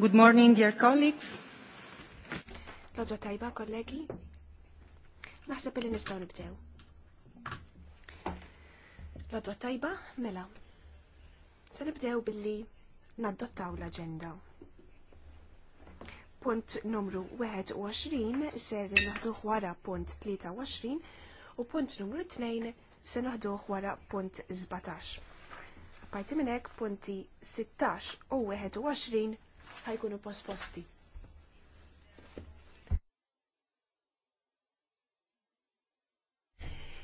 Good morning, dear colleagues. Lodwa tajba, kollegi. Naħseb li nistgħu nibdew. Lodwa tajba, mela. Se nibdew billi naddottaw l-aġenda. Punt numru 21 ser naħduh wara punt 23 u punt numru 2 se naħduh wara punt 17. Parti minn hekk punti 16 u 21 ħajkunu posposti.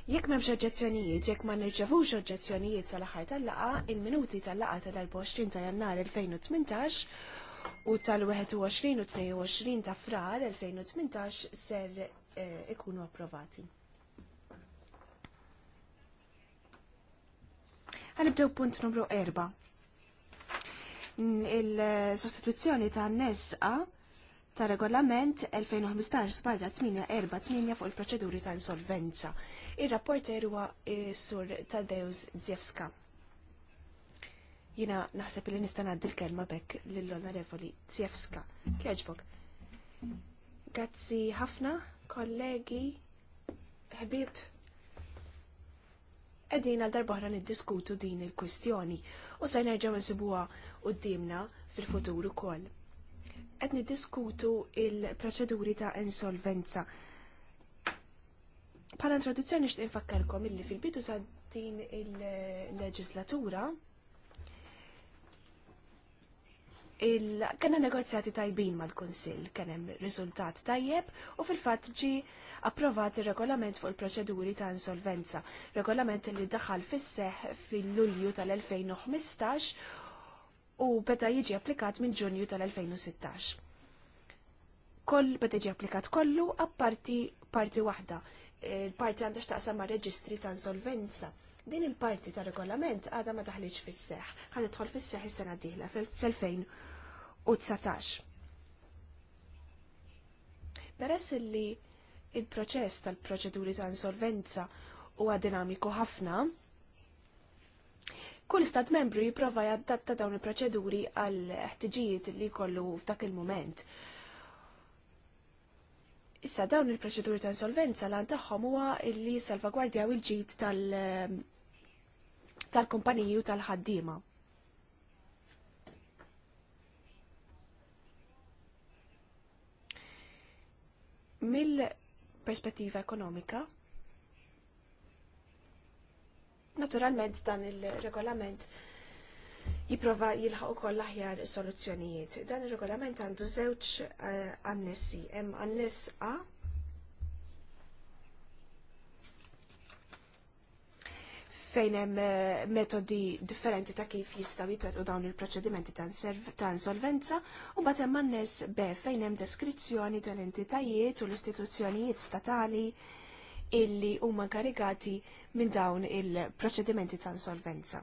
Jekk m'hemmx oġġezzjonijiet, jekk ma nirċevux oġġezzjonijiet sal-aħħar tal-laqa, il-minuti tal-laqa ta' 24 ta' Jannar 2018 u tal-21 u 22 ta' Frar 2018 ser eh, ikunu approvati. Għanibdew punt numru 4 il-sostituzzjoni ta' nesqa ta' regolament 2015 8 fuq il-proċeduri ta' insolvenza. Il-rapporter huwa eh, sur Tadeusz Zjewska. Jina naħseb li nista' ngħaddi l-kelma bekk lill-Onorevoli Zjewska. Kjoġbok. Grazzi ħafna, kollegi, ħbib. Edina darbohra niddiskutu din il-kwistjoni u se nerġa' nsibuha qudiemna fil-futur ukoll. Qed niddiskutu il-proċeduri ta' insolvenza. Pala introduzzjoni nixtieq infakkarkom illi fil-bidu sa' din il-leġislatura kena negozjati tajbin mal-Konsil, kien hemm riżultat tajjeb u fil-fatt ġi approvat ir-regolament fuq il-proċeduri ta' insolvenza, regolament li daħal fis-seħ fil-Lulju tal-2015 u beda jiġi applikat minn ġunju tal-2016. Koll beda jiġi applikat kollu apparti parti waħda. Il-parti għandha x'taqsam ma' reġistri ta' insolvenza. Din il-parti ta' regolament għadha ma taħliġ fis-seħ, ħad tħol fis-seħ is-sena d-dieħla fl-2019. Peress li il-proċess tal-proċeduri ta' insolvenza huwa dinamiku ħafna, Kull stat membru jipprova jadatta dawn il-proċeduri għal ħtiġijiet li jkollu f'dak il-moment. Issa dawn il-proċeduri ta' insolvenza lan tagħhom huwa li u il-ġid tal eh, kumpaniju tal tal-ħaddiema. Mill-perspettiva ekonomika, Naturalment dan il-regolament jiprofa jilħaq ukoll aħjar soluzzjonijiet. Dan ir-regolament għandu żewġ eh, annessi, hemm anness A fejn hemm eh, metodi differenti ta' kif jistgħu jitwettqu dawn il-proċedimenti ta' insolvenza u mbagħad hemm anness B fejn hemm deskrizzjoni tal-entitajiet u l-istituzzjonijiet statali illi huma karigati minn dawn il-proċedimenti ta' insolvenza.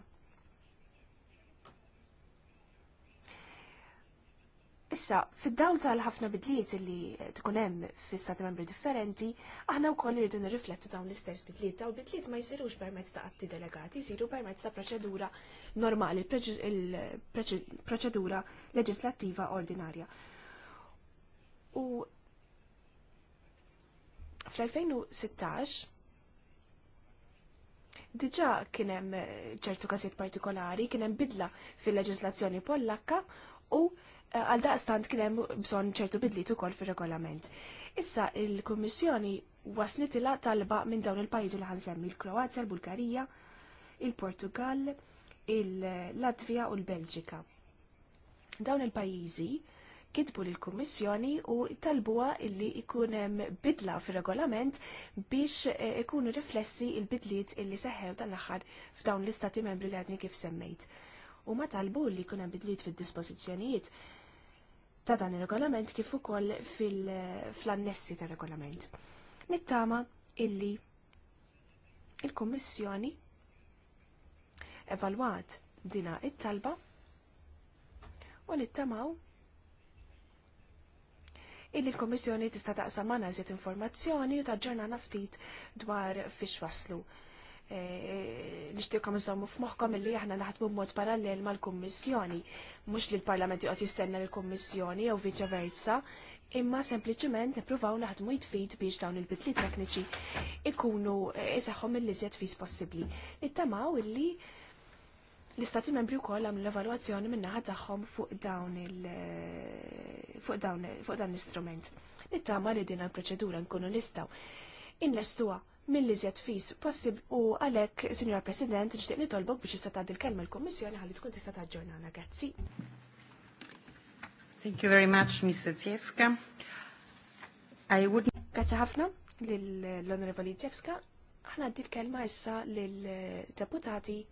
Issa, fid-dawl tal-ħafna bidliet li tkun hemm fi stati membri differenti, aħna wkoll irridu nirriflettu dawn l-istess bidliet. Daw bidliet ma jsirux permezz ta' atti delegati, jsiru permezz ta' proċedura normali, il-proċedura leġislattiva ordinarja. U Fl-2016 diġa kienem eh, ċertu każijiet partikolari, kienem bidla fil-leġislazzjoni pollakka u eh, għal daqstant kienem bżon ċertu bidli ukoll fil-regolament. Issa il-Kommissjoni waslit talba minn dawn il-pajjiżi li ħansemmi il-Kroazja, il-Bulgarija, il-Portugal, il-Latvija u l-Belġika. Dawn il-pajjiżi kitbu lill kummissjoni u talbuha illi ikun hemm bidla fir-regolament biex eh, ikunu riflessi il-bidliet illi seħħew tal-aħħar f'dawn l-istati membri li għadni kif semmejt. U ma talbu li jkun hemm bidliet fid-dispożizzjonijiet ta' dan ir-regolament kif ukoll fl-annessi tar-regolament. Nittama illi il-Kummissjoni evalwat dina it-talba u nittamaw illi l-Komissjoni tista' taqsam ma' nażiet informazzjoni u taġġornana ftit dwar fiex waslu. E, Nishtiqom nżommu f'moħħkom illi aħna naħdmu b'mod parallel mal-Kummissjoni, mhux li l-Parlament joqgħod jistenna l-Kummissjoni jew viċa versa, imma sempliċiment nippruvaw naħdmu jitfid biex dawn il-bidli tekniċi ikunu e, isaħħom mill-iżjed fis possibbli. Ittamaw illi L-istati membri wkoll għamlu l-evalwazzjoni min-naħa tagħhom fuq dawn il fuq dawn fuq dawn l-istrument. Nittama li din l proċedura nkunu nistgħu inlestuha mill-li zjed fis possib u għalhekk, Signor President, nixtieq nitolbok biex jista' tgħaddi l-kelma l-Kummissjoni ħalli tkun tista' taġġorna. Grazzi. Thank you very much, Mr. Zjevska. I would... Grazzi ħafna lill onorevoli Zjevska. Ħna għaddi l-kelma issa lill deputati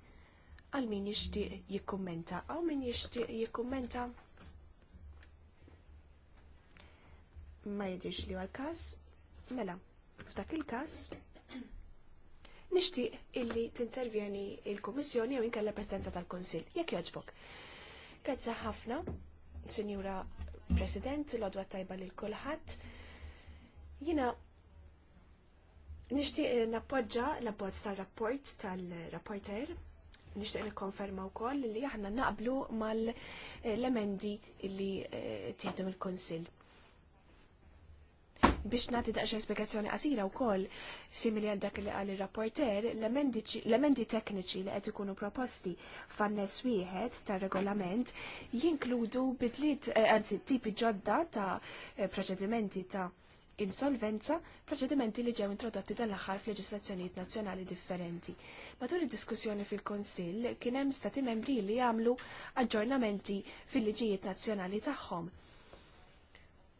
għal min jixtieq jikkummenta għaw min jixtieq jikkummenta ma jidhirx li għal każ mela f'dak il-każ nixtieq illi tintervjeni il-Kummissjoni jew inkella Presidenza tal-Kunsill jekk jogħġbok. Grazzi ħafna, Sinjura President, l-odwa tajba lil kulħadd. Jiena nixtieq nappoġġa l-abbozz tal-rapport tal-rapporter nixtieq nikkonferma wkoll li aħna naqblu mal-emendi li eh, tieħdu mill-Kunsill. Biex nagħti daqsxejn spjegazzjoni qasira wkoll simili għal dak li qal ir-rapporter, l-emendi tekniċi li qed ikunu proposti fan wieħed tar-regolament jinkludu bidliet eh, anzi tipi ġodda ta' eh, proċedimenti ta' insolvenza proċedimenti li ġew introdotti dal-aħħar f'leġislazzjonijiet nazzjonali differenti. Matul id-diskussjoni fil-Kunsill kien hemm stati membri li jagħmlu aġġornamenti fil-liġijiet nazzjonali tagħhom.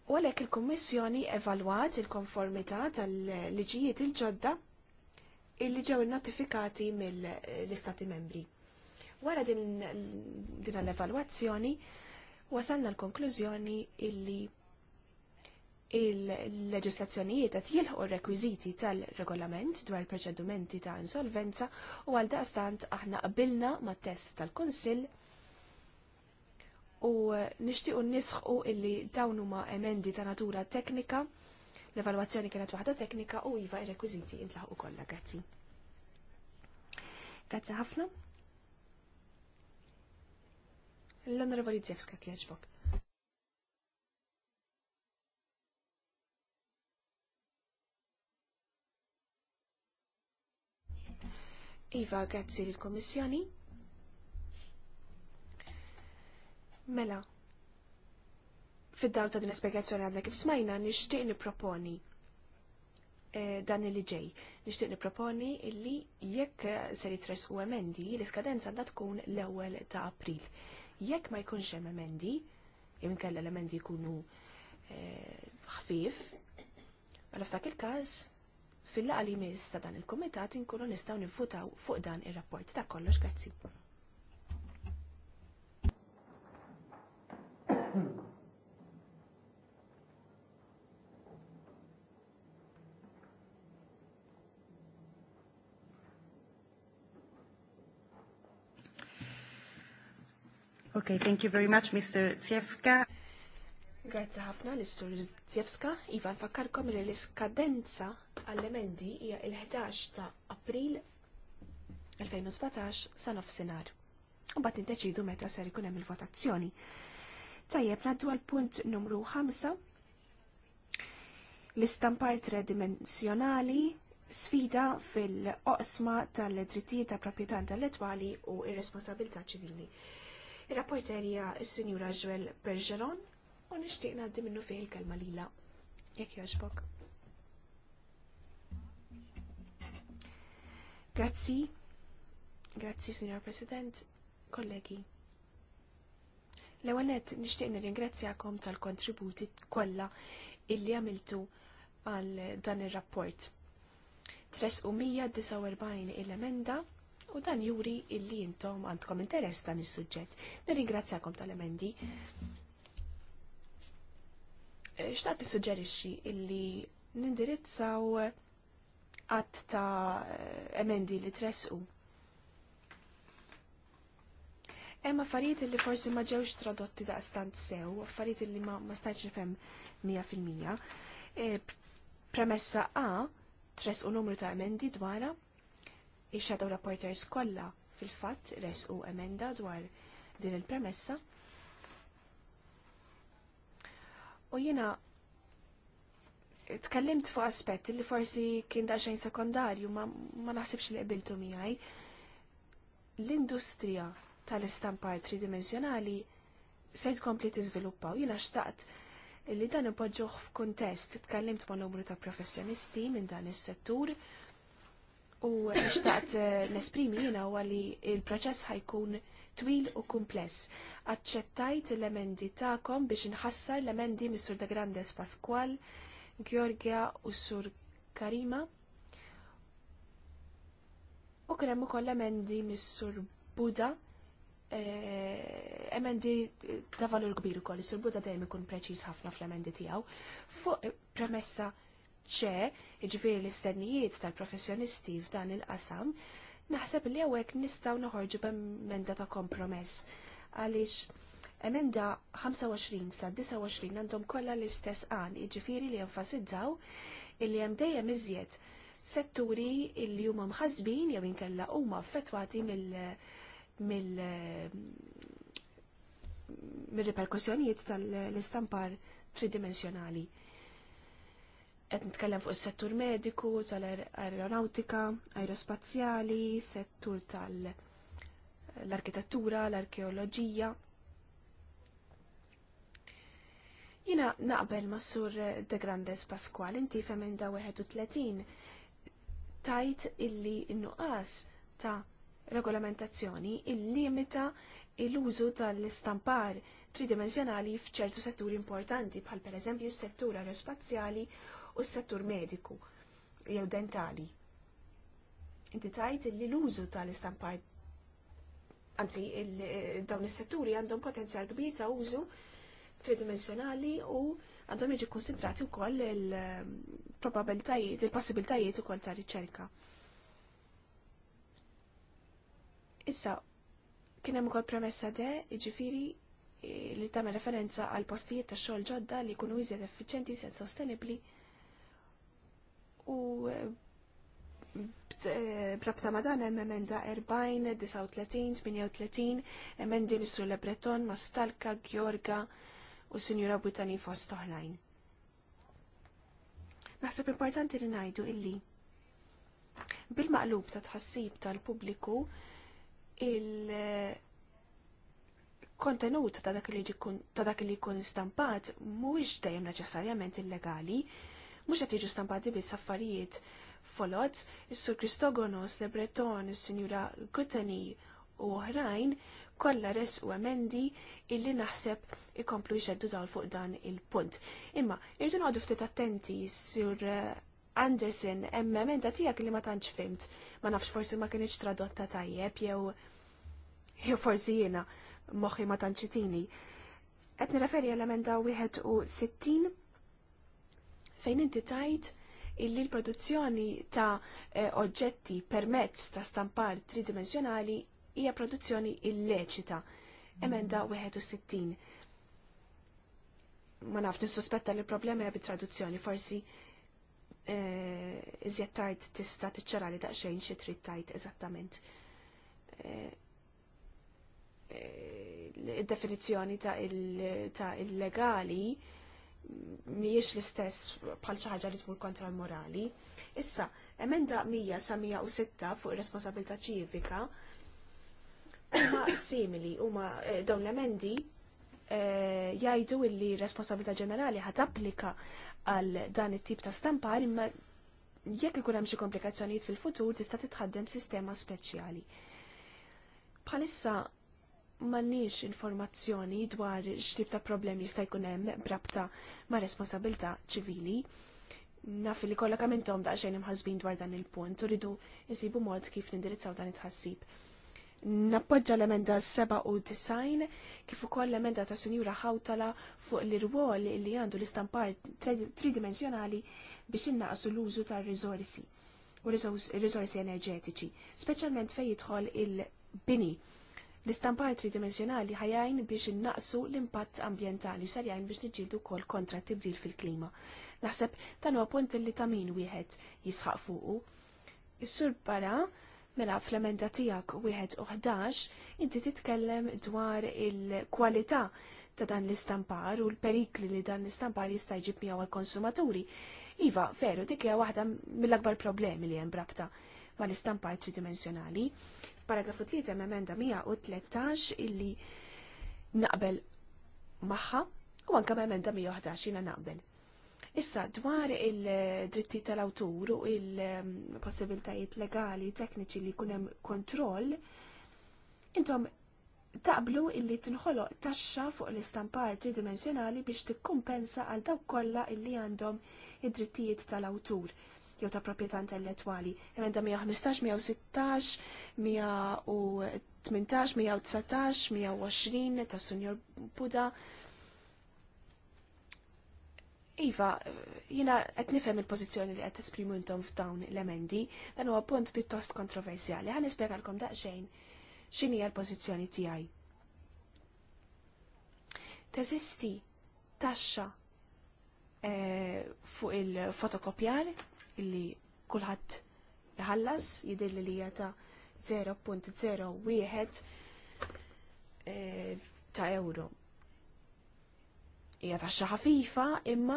U għalhekk il-Kummissjoni evalwat il-konformità tal-liġijiet il-ġodda illi ġew notifikati mill-istati membri. Wara din l-evalwazzjoni wasalna l-konklużjoni illi il-leġislazzjonijiet qed jilħu r-rekwiżiti tal-regolament dwar il proċedumenti ta' insolvenza u għal daqstant aħna qabilna mat-test tal-Kunsill u nixtiequ nisħu illi dawn huma emendi ta' natura teknika l-evalwazzjoni kienet waħda teknika u iva ir-rekwiżiti intlaħu kollha grazzi. Grazzi ħafna. L-Onorevoli Zewska kieġbok. Iva, grazzi l-Komissjoni. Mela, fid-dawl ta' din l-spiegazzjoni għadna kif smajna nixtieq niproponi eh, dan li ġej. Nixtieq niproponi illi jekk se jitres u emendi, l-iskadenza għandha tkun l-ewwel ta' April. Jekk ma jkunx hemm emendi, jew inkella l-emendi jkunu eh, ħfief, mela f'dak il-każ Fil-laqa li mis ta' dan il-komitat inkunu nistaw nifutaw fuq dan ir-rapport ta' kollox grazzi. Okay, thank you very much, Mr. Tsiewska. Grazie ħafna l-Sur Tsiewska. Ivan, fakkarkom li l-iskadenza għall-emendi hija il-11 ta' April 2017 sa' nofsinar. U bat nindeċidu meta ser ikun hemm il-votazzjoni. Tajjeb naddu għal punt numru 5 l-istampar tredimensjonali sfida fil-oqsma tal-drittijiet ta' proprjetà intellettwali u ir-responsabilità ċivili. Ir-rapporterja s-Sinjura Ġwel Bergeron u nixtieq ngħaddi minnu fih il-kelma lila. Jekk jogħġbok. Grazzi. Grazzi, Signor President, kollegi. L-ewwel nett nixtieq nirringrazzjakom tal-kontributi kollha illi għamiltu għal dan ir-rapport. 349 il-emenda u dan juri illi intom għandkom interess dan is-suġġett. Nirringrazzjakom tal-emendi. Eh, xtaqt tissuġġerixxi illi nindirizzaw għatt ta' emendi li tresqu. Hemm affarijiet li forsi ma ġewx tradotti da' stant sew, affarijiet li ma, ma stajtx nifhem 100%. E, premessa A tresqu numru ta' emendi dwara ix xadow rapporters kollha fil-fatt resqu emenda dwar din il-premessa. U jiena tkellimt fuq aspett li forsi kien da xejn sekondarju ma, ma naħsibx li qbiltu miegħi. L-industrija tal-istampar tridimensjonali se tkompli tiżviluppaw. Jiena xtaqt li dan ipoġġuh f'kuntest, tkellimt ma' numru ta' professjonisti minn dan is-settur u xtaqt eh, nesprimi jiena huwa li il-proċess ħajkun twil u kumpless. Aċċettajt l-emendi ta'kom biex nħassar l-emendi Mr. De Grandes Pasqual, Georgia u Sur Karima. U kremmu hemm ukoll emendi mis-Sur Buda e, emendi ta' valur kbir ukoll, koll. sur Buda dejjem ikun preċiż ħafna fl-emendi tiegħu. Fuq premessa ċe, iġviri l-istennijiet tal-professjonisti f'dan il-qasam, naħseb li għawek nistaw noħorġu b'emenda ta' kompromess. Għalix, Emenda 25 sa 29 għandhom kollha l-istess għan, jiġifieri li enfasizzaw illi hemm dejjem iżjed setturi illi huma mħasbin jew inkella huma affettwati mill mill mir-reperkussjonijiet tal-istampar tridimensjonali. Qed nitkellem fuq is-settur mediku, tal-aeronautika, aerospazjali, settur tal-arkitettura, l-arkeoloġija. -ar Jina naqbel mas-sur De Grandes Pasqual, inti da 31, tajt illi n-nuqqas ta' regolamentazzjoni il-limita il-użu tal-istampar tridimensjonali f'ċertu setturi importanti bħal per eżempju s-settur aerospazjali u s-settur mediku jew dentali. Inti tajt li l-użu tal-istampar anzi dawn is-setturi għandhom potenzjal kbir ta' użu tridimensjonali u għandhom jiġi konsidrati wkoll il-probabilitajiet, ehm, il-possibilitajiet ukoll ta' riċerka. Issa, kien hemm ukoll premessa de, jiġifieri eh, li tagħmel referenza għal postijiet ta' xogħol ġodda li jkunu iżjed effiċjenti, iżjed sostenibbli u eh, brabta ma dan hemm emenda 40, 39, 38, emendi missu Lebreton, Mastalka, Gjorga, u Sinjura Bwitani fost oħrajn. Naħseb importanti li ngħidu illi bil-maqlub ta' tħassib tal-pubbliku il-kontenut ta' dak li jkun stampat mhuwiex dejjem neċessarjament illegali, mhux qed jiġu stampati biss affarijiet folot, is-Sur Kristogonos, Lebreton, Breton, is-Sinjura Gutani u oħrajn kollha res u emendi illi naħseb ikomplu jxeddu dawl fuq dan il-punt. Imma, irridu noqdu ftit attenti sur eh, Anderson hemm emenda tiegħek li ma tantx fimt. Ma nafx forsi ma kienx tradotta tajjeb jew jew forsi jiena moħħi ma tantx itini. Qed nirreferi għall-emenda 61 fejn inti tajt illi l-produzzjoni ta' eh, oġġetti permezz ta' stampar tridimensjonali hija produzzjoni illeċita. Emenda 61. Mm. Ma naf nissospetta li problema hija bit-traduzzjoni, forsi eh, iżjed tard tista' tiċċarali daqsxejn xi trid tajt eżattament. Eh, eh, id-definizzjoni ta' il-legali mhijiex l-istess bħal xi ħaġa li tmur kontra l-morali. Issa, emenda 100 sa 106 fuq ir-responsabilità ċivika Imma simili, huma eh, dawn l-emendi eh, jgħidu illi responsabilità ġenerali ħat applika għal dan it-tip ta' stampa imma jekk ikun hemm xi komplikazzjonijiet fil-futur tista' titħaddem sistema speċjali. Bħalissa m'għandniex informazzjoni dwar x'tip ta' problemi jista' jkun hemm brabta ma' responsabilità ċivili. Naf li kollha kemm intom daqsxejn imħasbin dwar dan il-punt u rridu nsibu mod kif nindirizzaw dan it-ħassib. Nappoġġa l-emenda 97 kif ukoll l-emenda ta' Sinjura Hawtala fuq l-irwol li għandu l-istampar tridimensjonali biex innaqsu l-użu ta' risorsi u risorsi enerġetiċi, speċjalment fejn jidħol il-bini. L-istampar tridimensjonali ħajajn biex innaqsu l-impatt ambjentali u sarjajn biex niġġieldu wkoll kontra tibdil fil-klima. Naħseb dan huwa punt li ta' min wieħed jisħaq fuqu. Is-sur para Mela fl-emenda tijak 11 inti titkellem dwar il-kwalità ta' dan l-istampar u l-perikli li dan l-istampar jista' jġib miegħu għal-konsumaturi. Iva, veru, dik hija waħda mill-akbar problemi li hemm brabta ma l-istampar tridimensjonali. Paragrafu 3 emenda 113 illi naqbel magħha u anke emenda 111 jiena naqbel. Issa, dwar il-dritti tal-awtur u il-possibiltajiet legali, tekniċi li kunem kontroll, intom taqblu illi tinħoloq taxxa fuq l-istampar tridimensjonali biex tikkumpensa għal dawk kollha illi għandhom id-drittijiet tal-awtur jew ta' proprjetà intellettwali. Emenda 115, 116, 118, 119, ta' Sunjor Buda, Iva, jina qed nifhem il-pożizzjoni li qed esprimu intom f'dawn l-emendi, dan huwa punt pittost kontroversjali. Ħa nispjegalkom daqsxejn xini għal l-pożizzjoni tiegħi. Teżisti taxxa eh, fuq il-fotokopjar illi kulħadd iħallas jidher li hija ta' 0.01 eh, ta' euro hija taxxa ħafifa imma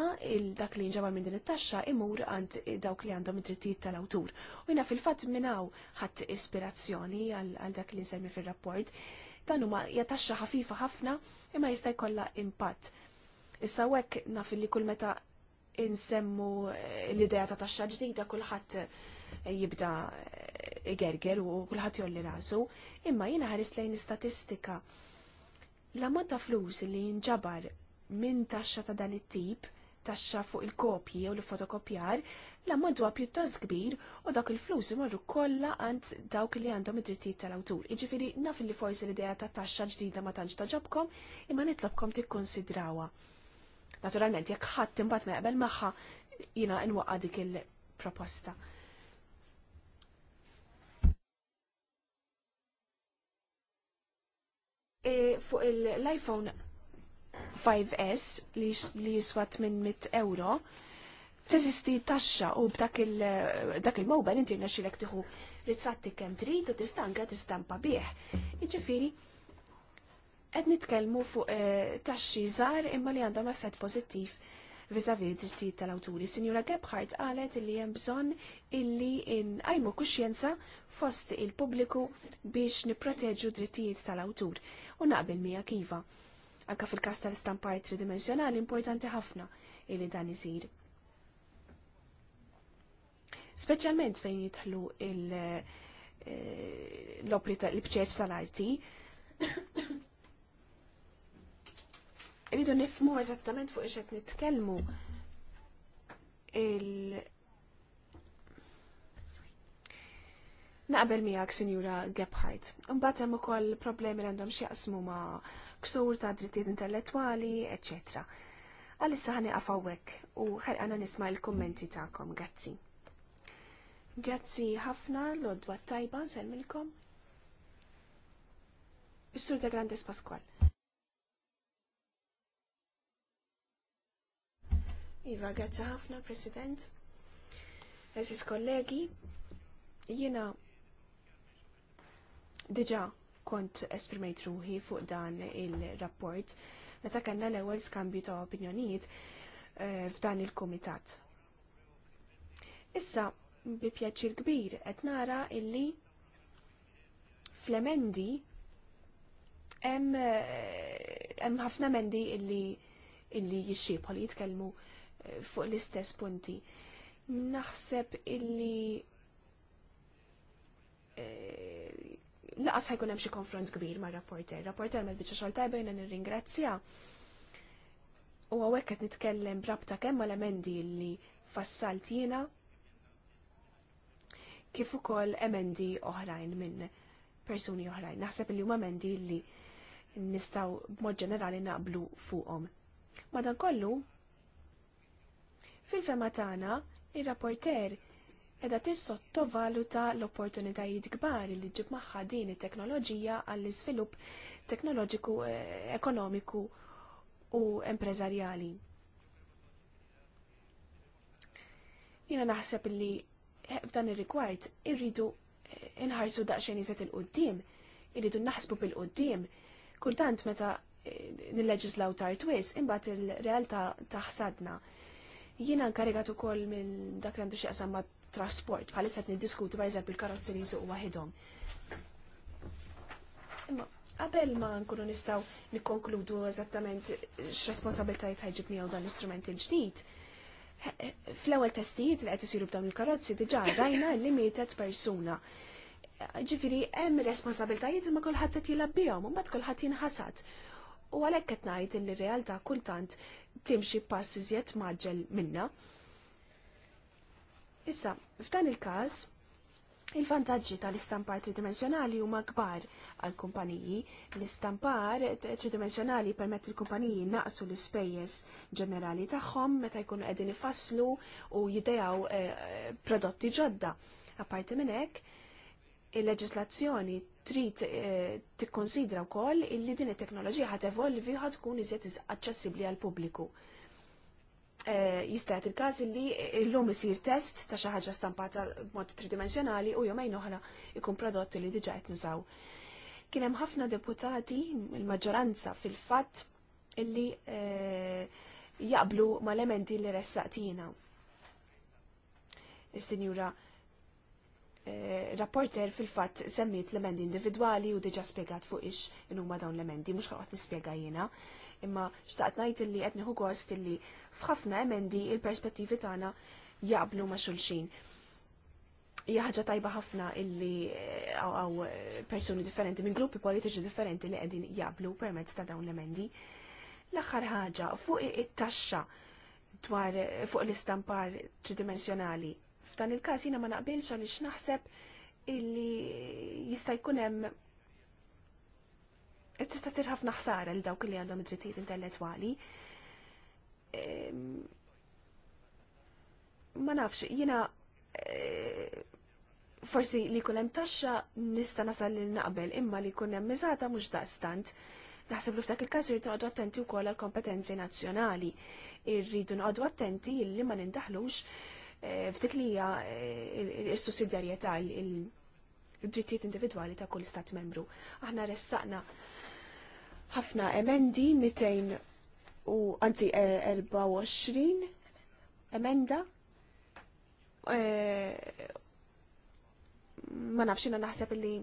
dak li nġabal minn din it-taxxa imur għand dawk li għandhom id-drittijiet tal-awtur. U jina fil-fatt minnaw ħadd ispirazzjoni għal dak li nsemmi fir-rapport. Dan huma hija taxxa ħafifa ħafna imma jista' jkollha impatt. Issa hekk naf li kull meta insemmu eh, l-idea ta' taxxa ġdida kulħadd eh, jibda eh, gerger u kulħadd jolli rasu, imma jiena ħares lejn statistika l-ammont ta' flus li jinġabar minn taxxa ta' dan it-tip, taxxa fuq il-kopji jew l-fotokopjar, l-ammont huwa pjuttost kbir u dak il-flus imorru kollha għand dawk li għandhom id-drittijiet tal-awtur. Jiġifieri naf li forsi l-idea ta' taxxa ġdida ma tantx taġobkom imma nitlobkom tikkonsidrawha. Naturalment jekk ħadd imbagħad ma jaqbel magħha jiena nwaqqa dik il-proposta. E, fuq l iphone 5S li jiswa 800 euro, teżisti taxxa u b'dak il-mobile inti rnexxilek tieħu ritratti kemm trid u tistanka tistampa bih. Jiġifieri, qed nitkellmu fuq eh, taxxi żgħar imma li għandhom effett pożittiv vizavi drittijiet tal-awturi. Sinjura Gebhardt qalet li hemm bżonn illi nqajmu kuxjenza fost il-pubbliku biex nipproteġu drittijiet tal-awtur u naqbel mija kiva. Anka fil-kas tal-istampar tridimensjonali importanti ħafna illi dan iżir. Speċjalment fejn jitħlu eh, l-opri l-bċeċ tal-arti. Rridu nifmu eżattament fuq ixet nitkellmu il- Naqbel miegħek Sinjura Gebhardt. Imbagħad hemm ukoll problemi li għandhom x'jaqsmu ma' ksur ta' drittijiet intellettwali, eċċetera. Għalissa ħani għafawek u ħerqana nisma' l-kummenti tagħkom, grazzi. Grazzi ħafna l-odwa tajba nsemmilkom. Is-Sur ta' Grandes Pasqual. Iva, grazzi ħafna, President. Eżis kollegi, jiena Diġa kont esprimejt ruħi fuq dan il-rapport meta kellna l-ewwel skambju ta' opinjonijiet eh, f'dan il-kumitat. Issa bi pjaċir kbir qed nara illi fl-emendi hemm eh, ħafna mendi illi illi jixxiebħu li jitkellmu eh, fuq l-istess punti. Naħseb illi laqas ħajkun hemm xi konfront kbir ma' rapporter. Rapporter ma biċċa xogħol tajba jiena nirringrazzja. U hawnhekk qed nitkellem brabta kemm mal emendi li fassalt jiena kif ukoll emendi oħrajn minn persuni oħrajn. Naħseb li huma emendi li nistgħu b'mod ġenerali naqblu fuqhom. Madankollu, fil-fema tagħna, ir-rapporter edha valuta l-opportunitajiet kbar li ġib magħha din it-teknoloġija għall iżvilupp teknoloġiku, eh, ekonomiku u empreżarjali. Jiena naħseb li eh, f'dan ir-rigward irridu eh, inħarsu daqsxejn iżet il-qudiem, irridu naħsbu bil-qudiem. Kultant meta nilleġislaw tard twiss imbagħad il-realtà taħsadna. Jiena nkarigat ukoll minn dak li għandu xi qasam trasport bħalissa qed niddiskutu pereżempju il-karozzi li jisuqu waħedhom. Imma qabel ma nkunu nistgħu nikkonkludu eżattament x'responsabiltajiet ħajġib miegħu dan l-istrument il-ġdid, fl-ewwel testijiet li qed isiru b'dawn il-karozzi diġà rajna li mietet persuna. Ġifieri hemm responsabiltajiet imma kulħadd qed jilabbihom u mbagħad kulħadd jinħasad. U għalhekk qed ngħid li r-realtà kultant timxi pass iżjed maġġel minna. Issa, f'dan il-każ, il-vantaġġi tal-istampar tridimensjonali huma kbar għal kumpaniji. L-istampar tridimensjonali permett il-kumpaniji naqsu l-ispejjeż ġenerali tagħhom meta jkunu qegħdin ifasslu u jidejaw eh, prodotti ġodda. Apparti minn hekk, il-leġislazzjoni trid eh, tikkonsidra wkoll illi din it-teknoloġija ħad evolvi ħad tkun iżjed aċċessibbli għal pubbliku. Eh, jistajt il-każ li l-lum isir test ta' xi ħaġa stampata b'mod tridimensjonali u jumejn oħra ikun prodotti li diġajt qed nużaw. Kien hemm ħafna deputati, il-maġġoranza fil-fatt illi eh, jaqblu mal-elementi li ressaqtina. Is-Sinjura Eh, rapporter fil-fatt semmiet l-emendi individwali u diġa spiegat fuq ix in-huma dawn l-emendi, mhux ħaqgħod nispjega jiena. Imma xtaqt ngħid illi qed nieħu gost illi f'ħafna emendi il-perspettivi tagħna jaqblu ma' xulxin. Hija tajba ħafna illi eh, għaw eh, persuni differenti minn gruppi politiċi differenti li qegħdin jaqblu permezz ta' dawn l-emendi. L-aħħar ħaġa fuq it-taxxa dwar fuq l-istampar tridimensjonali F'dan il-każ jiena ma naqbilx għaliex naħseb illi jista' jkun hemm tista' sir ħafna ħsara lil dawk li għandhom id-drittijiet intellettwali. Ehm, ma nafx, jiena eh, forsi li jkun hemm taxxa nista' nasal li naqbel, imma li jkun hemm miżata mhux daqstant. Naħseb li f'dak il-każ irridu għadu attenti wkoll għall kompetenzi nazzjonali. Irridu nqogħdu attenti illi ma nindaħlux ftik li hija s-sussidjarjetà eh, il-drittijiet individwali ta' kull stat membru. Aħna ressaqna ħafna emendi 200 u anzi 24 e, emenda e, ma nafx jina naħseb li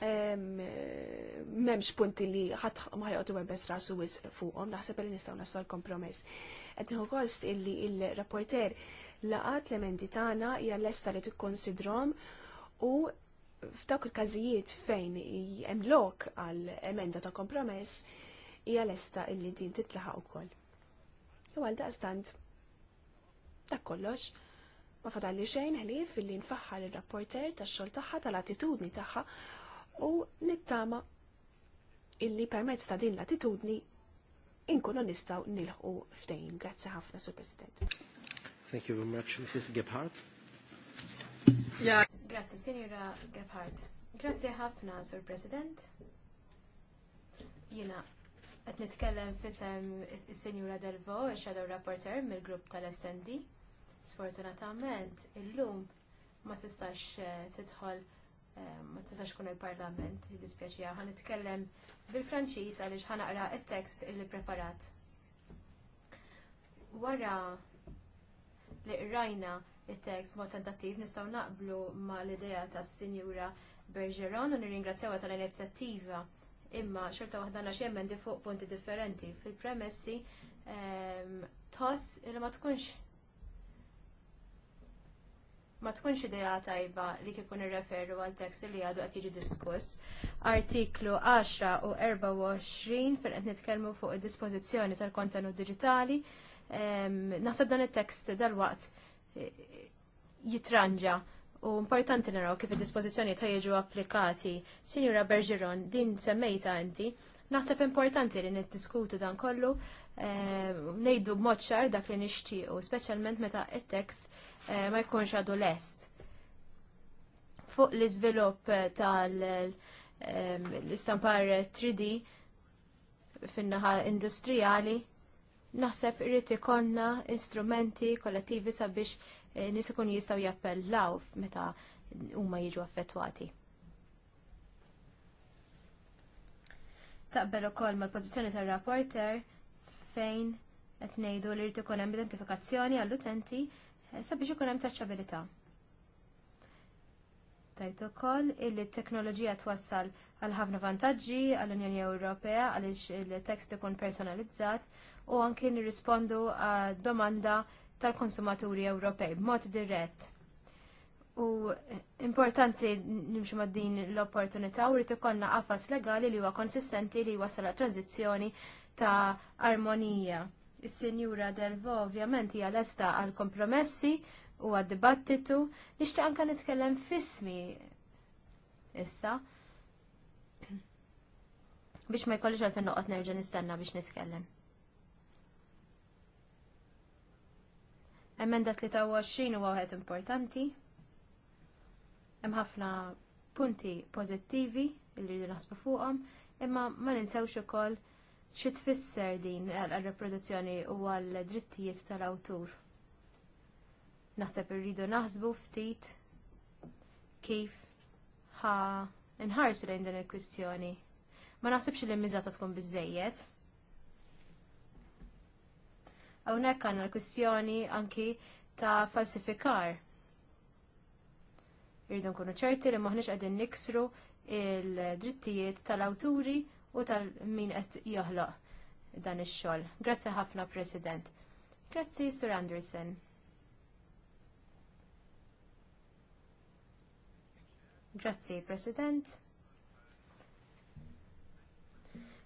memx punti li ħadd ma ħajqotu għem rasu wisq fuqhom, naħseb li nistgħu nasal kompromess qed gost illi il-rapporter laqat l-emendi tagħna hija lesta li tikkonsidrom u f'dawk il-każijiet fejn hemm lok għal emenda ta' kompromess hija lesta illi din titlaħaq ukoll. U għal daqstant dak kollox ma fadalli xejn ħlief illi nfaħħal ir-rapporter tax-xogħol tagħha tal-attitudni tagħha u nittama illi permezz ta' din l-attitudni inkunu nistaw nilħu ftejn. Grazzi ħafna, Sur President. Thank you very much, Mrs. Gebhardt. Yeah. Grazzi, Sinjura Gebhardt. Grazzi ħafna, Sur President. Jina, għet nitkellem fisem Sinjura Delvo, Shadow Rapporteur mill-grupp tal-SND. Sfortunatament, illum ma tistax eh, tidħol Eh, ma tistax kun il-parlament, dispjaċija, ħan nitkellem bil-Franċiż għaliex ħan naqra il-tekst illi preparat. Wara li rajna il-tekst mod tentattiv nistgħu naqblu ma l-idea tas sinjura Bergeron u nirringrazzjawa tal-inizjattiva imma xorta wahda għandna xi emendi fuq punti differenti fil-premessi ehm, toss li ma tkunx ma tkunx idea tajba li kikun irreferu għal tekst li għadu qed jiġi diskuss. Artiklu 10 u 24 fil qed nitkellmu fuq id-dispożizzjoni tal-kontenut diġitali. Naħseb dan it-tekst dal-waqt e, jitranġa u importanti naraw kif id-dispożizzjoni ta' jiġu applikati. Sinjura Bergeron, din semmejta inti, naħseb importanti li niddiskutu dan kollu, ngħidu b'mod ċar dak li nixtiequ, speċjalment meta it-tekst Eh, ma jkunx għadu lest. Fuq l iżvilupp tal-istampar 3D fin-naħa industrijali, naħseb irrid ikollna instrumenti kollettivi sabiex eh, nisikun jistaw jistgħu jappellaw meta huma jiġu affettwati. Taqbel ukoll mal-pożizzjoni tar-rapporter fejn qed ngħidu li jrid ikun hemm identifikazzjoni għall-utenti sabiex ikun hemm taċċabilità. Tajt ukoll illi t-teknoloġija twassal għal ħafna vantaġġi għall unjoni Ewropea għaliex il-tekst ikun personalizzat u anki nirrispondu għad domanda tal-konsumaturi Ewropej b'mod dirett. U importanti nimxu ma' din l-opportunità u rritu ikollna għafas legali li huwa konsistenti li wasal għat tranzizjoni ta' armonija Is-Sinjura Delvo ovvjament hija lesta għal kompromessi u għad dibattitu. Nixtieq anke nitkellem fismi issa biex ma jkollix għalfejn noqgħod nerġa' nistenna biex nitkellem. Emenda 23 huwa wieħed importanti. Hemm ħafna punti pożittivi li rridu naħsbu fuqhom, imma ma ninsewx ukoll Xi tfisser din għal-reproduzzjoni u għal-drittijiet tal-awtur? Naħseb irridu naħsbu ftit kif ħa nħarsu lejn din il-kwistjoni. Ma naħsibx li miżata tkun biżejjed. Hawnhekk għandna l-kwistjoni anki ta' falsifikar. Irridu nkunu ċerti li maħniex qegħdin niksru il-drittijiet tal-awturi u tal-min qed joħloq dan ix-xogħol. Grazzi ħafna President. Grazzi Sur Anderson. Grazzi President.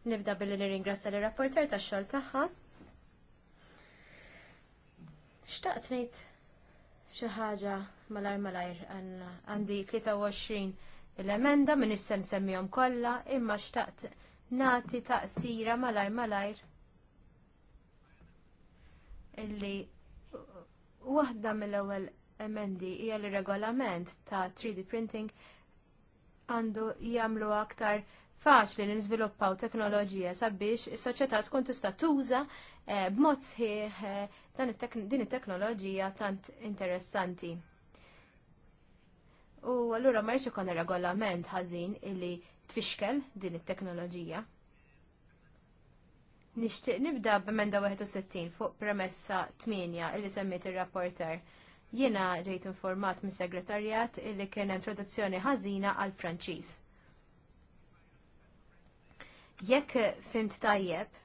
Nibda billi nirringrazzja l rapporter tax-xogħol tagħha. Xtaqt ngħid xi ħaġa malajr malajr għandi 23 l-emenda minn is-sen semmihom kollha imma xtaqt nati taqsira malajr malajr illi waħda mill-ewwel emendi hija li regolament ta' 3D printing għandu jagħmlu aktar faċli li nżviluppaw teknoloġija sabiex is-soċjetà tkun tista' tuża eh, b'mod sħiħ eh, din it-teknoloġija tant interessanti. U allura ma rridx ikun regolament ħażin illi tfixkel din it-teknoloġija. Nixtieq nibda b'emenda 61 fuq premessa 8 illi semmiet ir-rapporter. Jiena ġejt informat mis segretarjat illi kien hemm traduzzjoni ħażina għal Franċiż. Jekk fimt tajjeb,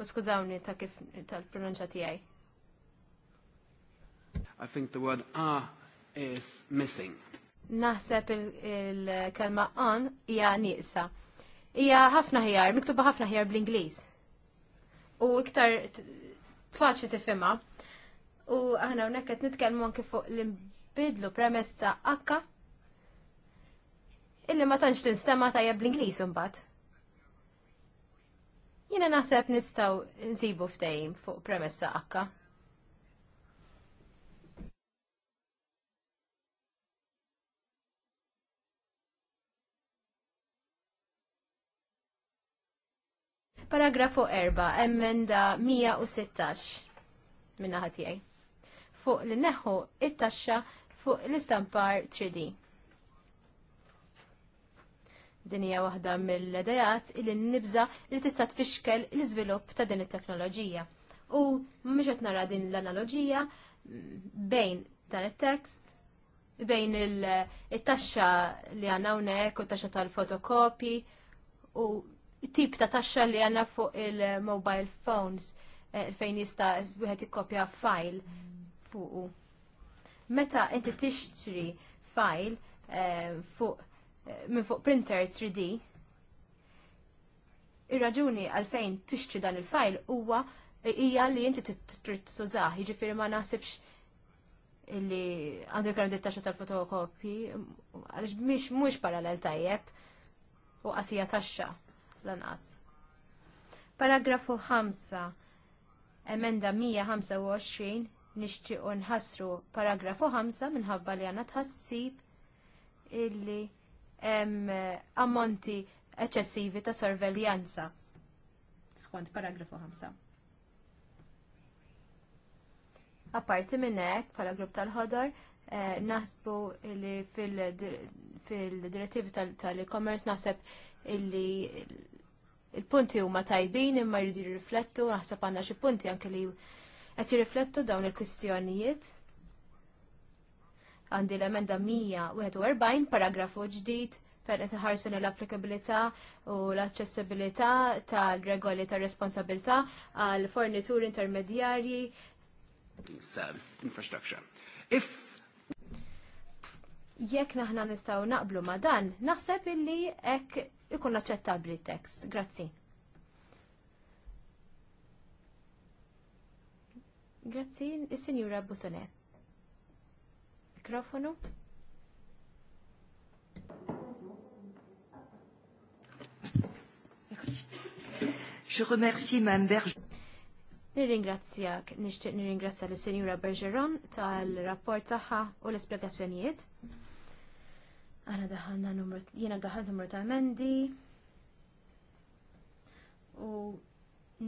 u skużawni ta' kif tal-pronunċa tiegħi. I think the word ah is missing naħseb il-kelma on hija nieqsa. Hija ħafna ħjar, miktuba ħafna ħjar bl-Ingliż. U iktar faċli tifhimha. U aħna hawnhekk qed nitkellmu anke fuq l-inbidlu premessa akka illi ma tantx tinstema tajjeb bl-Ingliż imbagħad. Jiena naħseb nistgħu nsibu ftehim fuq premessa akka. Paragrafu 4, emmenda 116 minna ħatijaj. Fuq li neħu it-taxxa fuq l-istampar 3D. Din hija waħda mill-ledajat il nibża li tista' tfixkel l-iżvilupp ta' din it-teknoloġija. U mhux qed nara din l-analoġija bejn dan it-tekst bejn il-taxxa li għandna hawnhekk u t-taxxa tal-fotokopi u tip ta' taxxa li għanna fuq il-mobile phones eh, fejn jista' wieħed ikkopja file fuqu. Meta inti tixtri file eh, fuq eh, minn fuq printer 3D, ir-raġuni għalfejn tixtri dan il-file huwa hija li inti trid tużah, jiġifieri ma naħsibx li għandu jkun taxxa tal-fotokopji, għaliex mhux parallel tajjeb u qasija taxxa lanqas. Paragrafu 5, emenda 125, nixtiequ nħassru paragrafu 5 minħabba li għandna tħassib illi hemm eh, ammonti eċċessivi ta' sorveljanza. Skont paragrafu 5. Apparti minn hekk, bħala grupp tal ħodar Eh, nasbu li fil-direttivi tal-e-commerce naħseb illi il-punti huma tajbin imma jridu jirriflettu, naħseb għandna xi punti anke li qed jirriflettu dawn il-kwistjonijiet. Għandi l-emenda 141 paragrafu ġdid per qed iħarsu l-applikabilità u l-aċċessibilità tal-regoli tar-responsabilità għal fornitur intermedjarji service infrastructure. If Jekk naħna nistgħu naqblu ma' dan, naħseb illi hekk ikun aċċettabbli t-tekst. Grazzi. Grazzi, is-Sinjura Butone. Mikrofonu. Je remercie Mme Bergeron. Nirringrazzjak, nixtieq nirringrazzja l sinjura Bergeron tal-rapport tagħha u l-esplikazzjonijiet. Għana daħalna numru, jena daħal numru ta' mendi u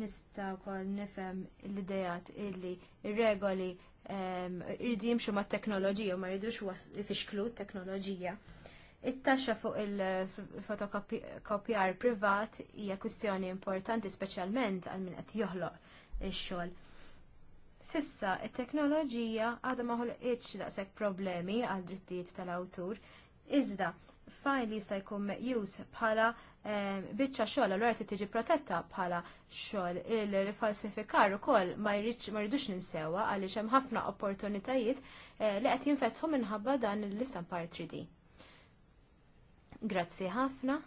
nista wkoll nifhem l-idejat illi regoli ehm, irridu jimxu mat teknoloġija u ma jridux fixklu t teknoloġija. It-taxxa fuq il-fotokopjar privat hija kwistjoni importanti speċjalment għal min qed joħloq ix-xogħol. Sissa, it-teknoloġija għadha ma iċ daqshekk problemi għal drittijiet tal-awtur, Iżda, li jista' jkun meqjus bħala eh, biċċa xogħol allura qed tiġi protetta bħala xogħol il-falsifikar ukoll ma jridx ma jridux ninsewwa għaliex hemm ħafna opportunitajiet eh, li qed jinfetħu minħabba dan l-istampar 3D. Grazzi ħafna.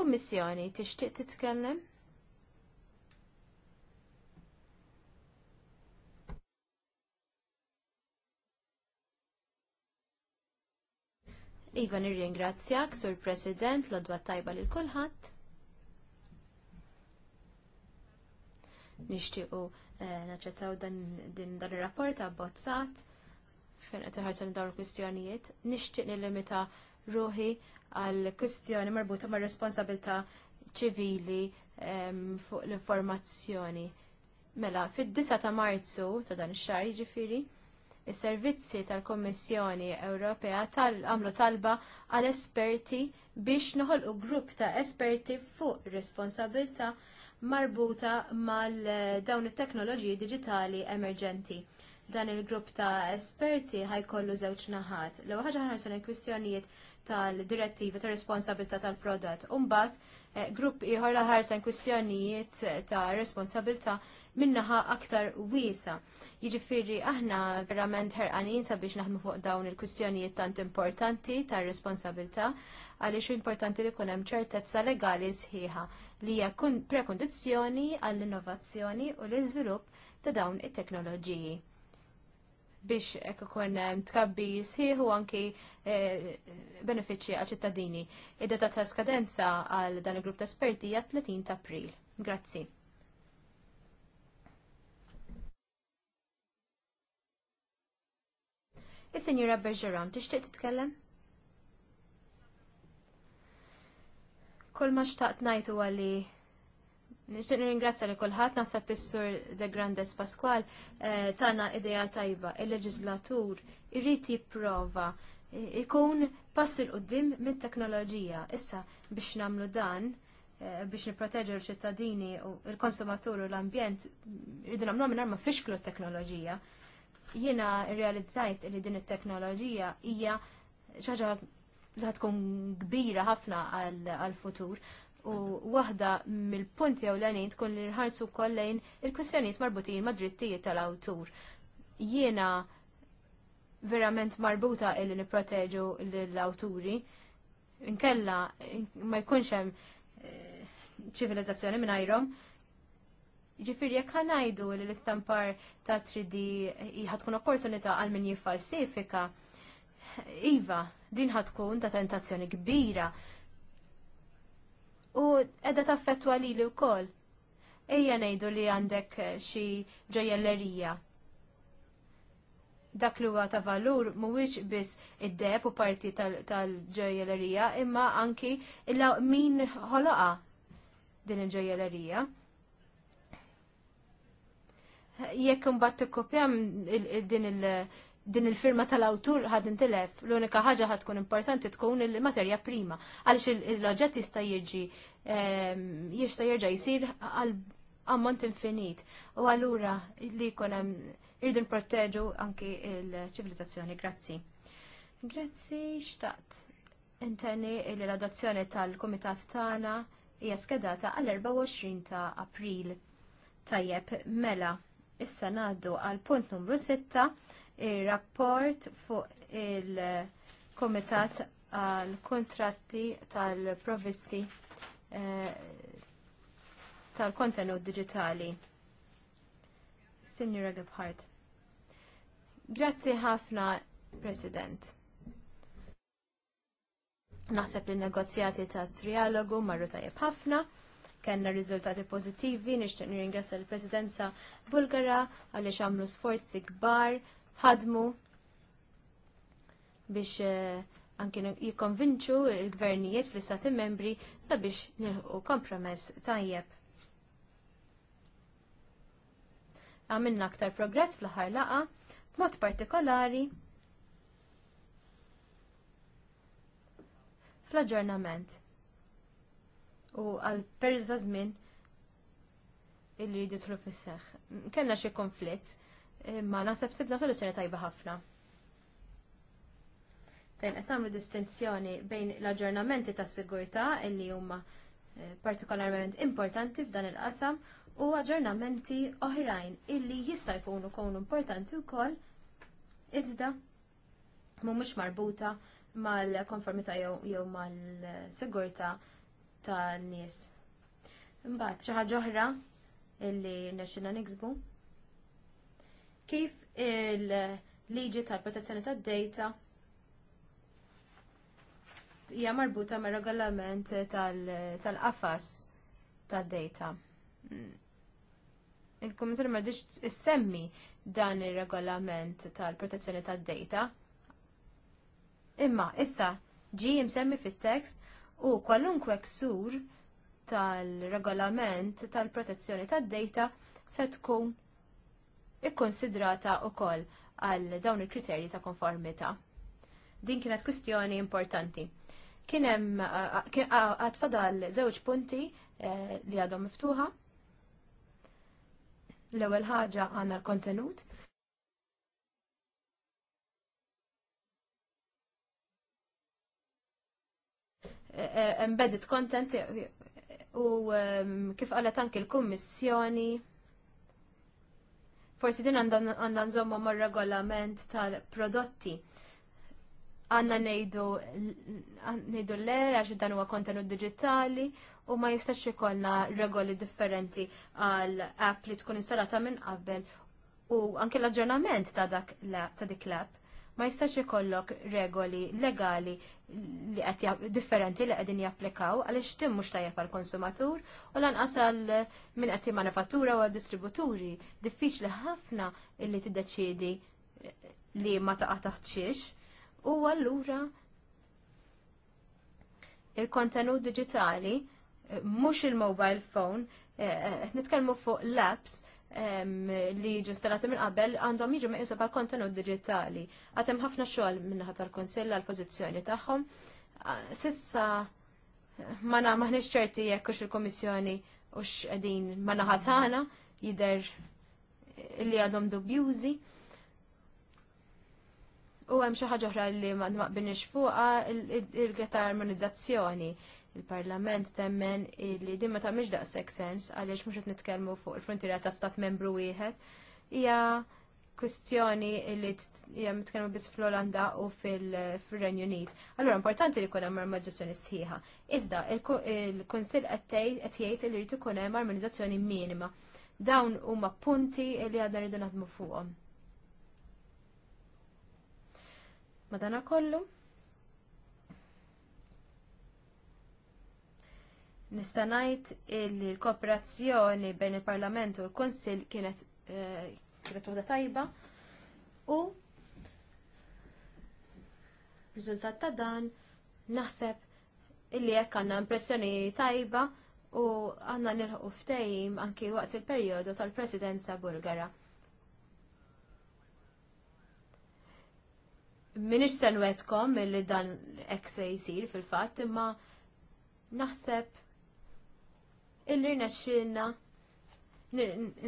Kummissjoni tixtieq titkellem? Iva nirringrazzjak, Sur President, l-odwa tajba lil kulħadd. Nixtiequ eh, naċċettaw din dan ir-rapport abbozzat fejn qed iħarsu dawn il-kwistjonijiet. Nixtieq nillimita ruħi għal kwistjoni marbuta mar responsabilità ċivili fuq l-informazzjoni. Mela, fid disa ta' Marzu ta' dan ix-xahar jiġifieri Is-servizzi tal-Kommissjoni Ewropea għamlu talba għal esperti biex noħolqu grupp ta' esperti fuq responsabilta marbuta mal eh, dawn it-teknoloġiji diġitali emerġenti. Dan il-grupp ta' esperti ħajkollu żewġ naħat. L-ewwel ħaġa ħarsu kwistjonijiet tal-direttiva ta' responsabilità tal-prodott. Umbagħad eh, grupp ieħor ħarsen kwistjonijiet ta' responsabilità minnaħa aktar wiesa. Jiġifieri aħna verament ħerqanin sabiex naħdmu fuq dawn il-kwistjonijiet tant importanti tar responsabilità għaliex importanti li jkun hemm ċertezza legali sħiħa li hija prekondizzjoni għall-innovazzjoni u l-iżvilupp ta' dawn it-teknoloġiji biex ekk ikun tkabbi sħiħu anki eh, benefiċċji għal ċittadini. Id-data ta' skadenza għal dan il-grupp ta' esperti hija 30 ta' April. Grazzi. Is-Sinjura Bergeron, tixtieq titkellem? Kull ma xtaqt ngħid huwa li Nixtieq nirringrazzja li kulħadd naħseb is-Sur De Grandes Pasqual eh, tagħna idea tajba. Il-leġislatur irrid jipprova eh, ikun pass il qudiem mit-teknoloġija. Issa biex nagħmlu dan eh, biex nipproteġġu l-ċittadini u l-konsumatur u l-ambjent, irridu nagħmlu minn ma fixklu t-teknoloġija jiena realizzajt li din it-teknoloġija hija xaġa li tkun kbira ħafna għal-futur u waħda mill-punti ewlenin tkun li nħarsu kollejn il-kwistjonijiet marbutin mad drittijiet tal-awtur. Jiena verament marbuta illi niproteġu l-awturi. Inkella ma jkunx hemm eh, ċivilizzazzjoni minn ġifir jekk ħanajdu li l-istampar ta' 3D eh, ħatkun opportunità għal min jiffalsifika, Iva, din ħatkun ta' tentazzjoni kbira. U edha taffettwa li li wkoll. Ejja ngħidu li għandek eh, xi ġojellerija. Dak li huwa ta' valur mhuwiex biss id-deb u parti tal-ġojellerija, imma anki illa min ħoloqa din il-ġojellerija jekk imbagħad tikkopjam din il-firma tal-awtur ħad intilef, l-unika ħaġa ħad tkun importanti tkun il-materja prima, għaliex il oġġett jista' jiġi ehm, jista' jerġa' jsir għal ammont infinit. U allura li jkun hemm irdu nproteġu anki l-ċivilizzazzjoni. Grazzi. Grazzi xtaqt. Intenni li l-adozzjoni tal-Kumitat tagħna hija skedata għall-24 ta' April. Tajjeb, mela. Issa ngħaddu għal punt numru 6, ir-rapport fuq il-Komitat għal kontratti tal-provisti eh, tal-kontenut digitali. Signora Gebhardt. Grazzi ħafna, President. Naħseb li negozjati ta' trialogu marru tajjeb ħafna kellna riżultati pożittivi, nixtieq nirringrazzja l-Presidenza Bulgara għaliex għamlu sforzi kbar, ħadmu biex eh, anki jikkonvinċu l gvernijiet fl-istati membri sabiex nilħu kompromess tajjeb. Għamilna aktar progress fl-ħar laqa, b'mod partikolari fl-aġġornament u għal periodu ta' żmien illi tħlu fis-seħħ. Kellna xi konflitt, imma naħseb sibna soluzzjoni tajba ħafna. Fejn qed nagħmlu distinzjoni bejn l-aġġornamenti tas-sigurtà illi huma eh, partikolarment importanti f'dan il-qasam u aġġornamenti oħrajn illi jista' jkunu konu importanti wkoll iżda mhumiex marbuta mal-konformità jew mal-sigurtà tan-nies. Imbagħad xi ħaġa oħra li rnexxinna niksbu. Kif il-liġi tal-protezzjoni tad-data hija marbuta mm. ma' regolament tal-qafas tad-data. Il-Kummissar ma diċ issemmi dan ir-regolament tal-protezzjoni tad-data. Imma issa ġi msemmi fit-tekst u kwalunkwe ksur tal-regolament tal-protezzjoni tad-data se tkun ikkonsidrata wkoll għal dawn il-kriterji ta' konformità. Din kienet kwistjoni importanti. Kien hemm għad żewġ punti eh, li għadhom miftuħa. L-ewwel ħaġa għandna l-kontenut Eh, embedded content u ehm, kif qalet anki l-kummissjoni. Forsi din għandan zommu mar-regolament tal-prodotti għanna nejdu l le għax dan huwa kontenut digitali u ma jistax ikollna regoli differenti għal app li tkun installata minn qabel u anke l-aġġornament ta' ta' dik l-app ma jistax ikollok regoli legali li qed differenti li qegħdin japplikaw għaliex tim mhux tajjeb għall konsumatur u lanqas għal min qed manifattura u distributuri. Diffiċli ħafna illi tiddeċiedi li ma taqa' u allura il-kontenut diġitali eh, mhux il-mobile phone, eh, eh, qed nitkellmu fuq l-apps li ġustanat minn qabel għandhom jiġu meqisu bħal kontenut digitali. Għatem ħafna xogħol minnaħat tal-Konsill l pożizzjoni tagħhom. Sissa ma maħniex ċerti jekk hux il-Komissjoni hux qegħdin ma naħat jider jidher li għadhom dubjużi. U hemm xi ħaġa oħra li ma naqbilniex fuqha il-greta armonizzazzjoni. Il Il-Parlament temmen li din ta' tagħmilx sex sens għaliex mhux qed nitkellmu fuq il-frontiera ta' stat membru wieħed. Hija kwistjoni li hija mitkellmu biss fl-Olanda u fil-Renju Unit. Allura importanti li jkun hemm armonizzazzjoni sħiħa. Iżda il-Kunsill qed jgħid li jrid ikun hemm armonizzazzjoni minima. Dawn huma punti li għadna rridu naħdmu fuqhom. Madana kollu? Nista' ngħid li l-kooperazzjoni bejn il-Parlament u l-Kunsill kienet eh, kienet tajba u riżultat ta' dan naħseb illi jekk għandna impressjoni tajba u għandna nilħu ftehim anki waqt il-perjodu tal-Presidenza Bulgara. Minix senwetkom illi dan ek se jisir fil-fatt imma naħseb illi rnexxilna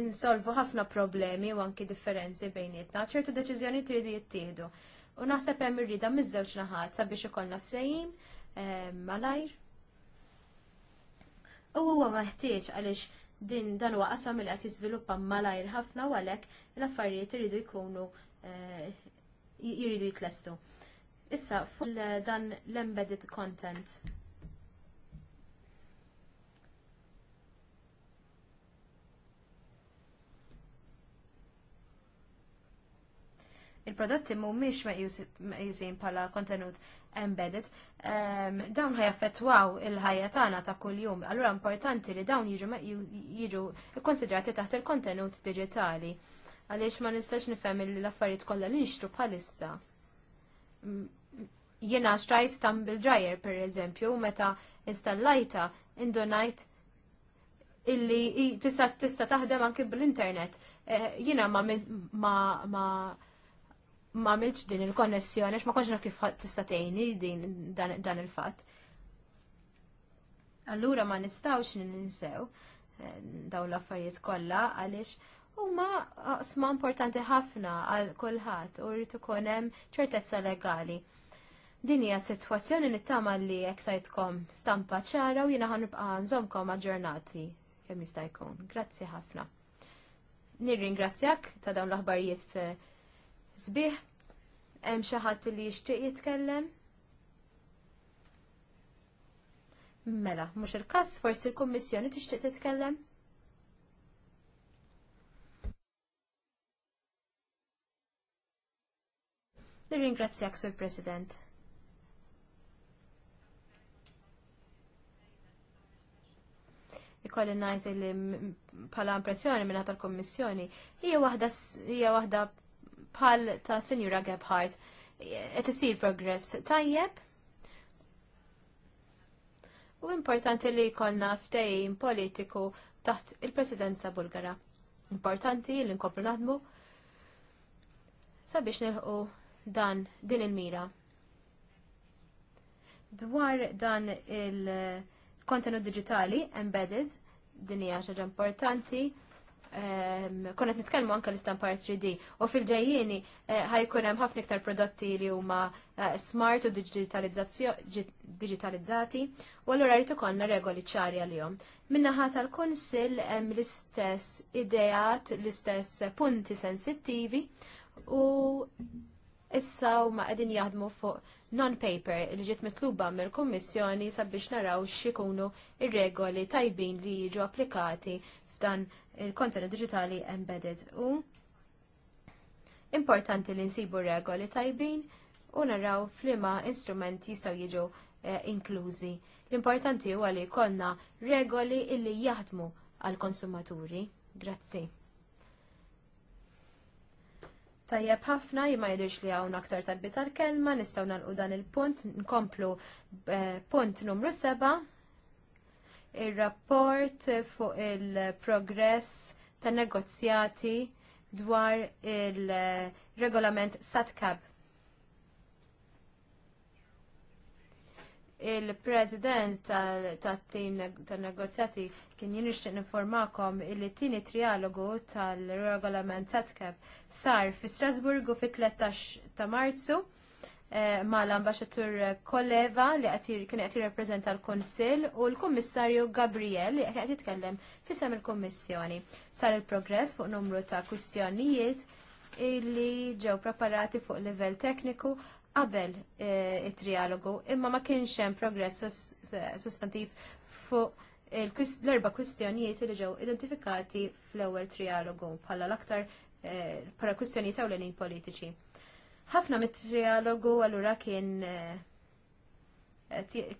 insolvu ħafna problemi u anki differenzi bejnietna, ċertu deċiżjoni tridu jittieħdu. U naħseb hemm irrida miż naħat sabiex ikollna ftehim malajr. U huwa meħtieġ għaliex din dan huwa qasam li qed jiżviluppa malajr ħafna u għalhekk l-affarijiet iridu jkunu jiridu eh, jitlestu. Issa fuq dan l-embedded content. il-prodotti mhumiex meqjusin bħala kontenut embedded, dawn ħajaffettwaw il-ħajja tagħna ta' kuljum. Allura importanti li dawn jiġu jiġu ikkonsidrati taħt il-kontenut digitali. Għaliex ma nistax nifhem l-affarijiet kollha li nixtru bħalissa. Jiena xtrajt tam bil-dryer per eżempju, meta installajta indonajt illi tista' tista' taħdem anki bl-internet. Eh, jiena ma ma ma għamilx din il-konnessjoni, ma konċna kif tista' tgħinni din dan, il-fatt. Allura ma nistawx ninsew eh, dawn l-affarijiet kollha għaliex huma sma importanti ħafna għal kulħadd u rrid ikun hemm ċertezza legali. Din hija sitwazzjoni nittama li jekk sajtkom stampa ċara u jiena ħanibqa' nżomkom aġġornati kemm jista' jkun. Grazzi ħafna. Nirringrazzjak ta' dawn l-aħbarijiet eh, Sbieħ, hemm xi ħadd li jixtieq jitkellem? Mela, mhux il-każ forsi l-Kummissjoni tixtieq titkellem? Nirringrazzjak, Sur President. ikolli najt li pala impressjoni minna tal-kommissjoni hija waħda hija waħda bħal ta' Senjura Gebhardt qed isir progress tajjeb. U importanti li jkollna ftehim politiku taħt il-Presidenza Bulgara. Importanti li nkomplu naħdmu sabiex nilħu dan din il-mira. Dwar dan il-kontenut digitali embedded din hija ħaġa importanti Ehm, konet nitkellmu anke l-istampar 3D u fil ġajjini eh, ħajkun hemm ħafna iktar prodotti li huma eh, smart u digitalizzati u allura rrid ikollna regoli ċari għalihom. Minnaħa tal-Kunsill hemm l-istess ideat, l-istess punti sensittivi u issa huma qegħdin jaħdmu fuq non-paper li ġiet mitluba mill-Kummissjoni sabiex naraw x'ikunu ir-regoli tajbin li jiġu applikati f'dan il-kontenut digitali embedded u importanti li nsibu regoli tajbin u naraw flima instrument jistaw jiġu eh, inklużi. L-importanti huwa li konna regoli illi jaħdmu għal-konsumaturi. Grazzi. Tajjeb ħafna jima jidirx li għawna aktar talbi tal-kelma, nistawna l dan il-punt, nkomplu eh, punt numru 7 il-rapport fuq il-progress ta' negozjati dwar il-regolament SATCAB. Il-president tal-tim tan negozjati kien jinixtieq informakom t tini trialogu tal-regolament SATCAB sar fi Strasburgu fit-13 ta' Marzu Eh, mal-ambasġatur Koleva li kien qed jirrappreżenta l-Kunsill u l-Kummissarju Gabriel li qed jitkellem fisem il-Kummissjoni. Sar il-progress fuq numru ta' kwistjonijiet li ġew preparati fuq livell tekniku qabel eh, it-trialogu imma ma kienx hemm progress sostantiv fuq l-erba kwistjonijiet li ġew identifikati fl-ewwel trialogu bħala l-aktar para eh, kwistjonijiet ewlenin politiċi Ħafna mit-trialogu għallura kien eh,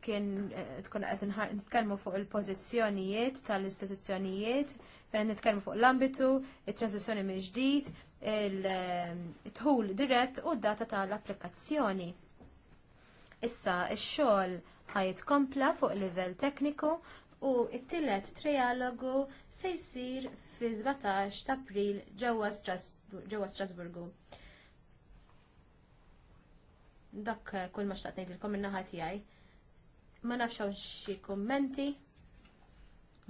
kien eh, tkun qed nitkellmu fuq il-pożizzjonijiet tal-istituzzjonijiet, fejn nitkellmu fuq l-ambitu, it transizjoni minn ġdid, il-tħul eh, dirett u d-data tal-applikazzjoni. Issa il xogħol ħajt kompla fuq livell tekniku u it-tielet trialogu se jsir fi 17 ta' April ġewwa Strasburgu dak eh, kull ma xtaqt ngħidilkom in-naħa tiegħi. Ma nafxaw xie xi kummenti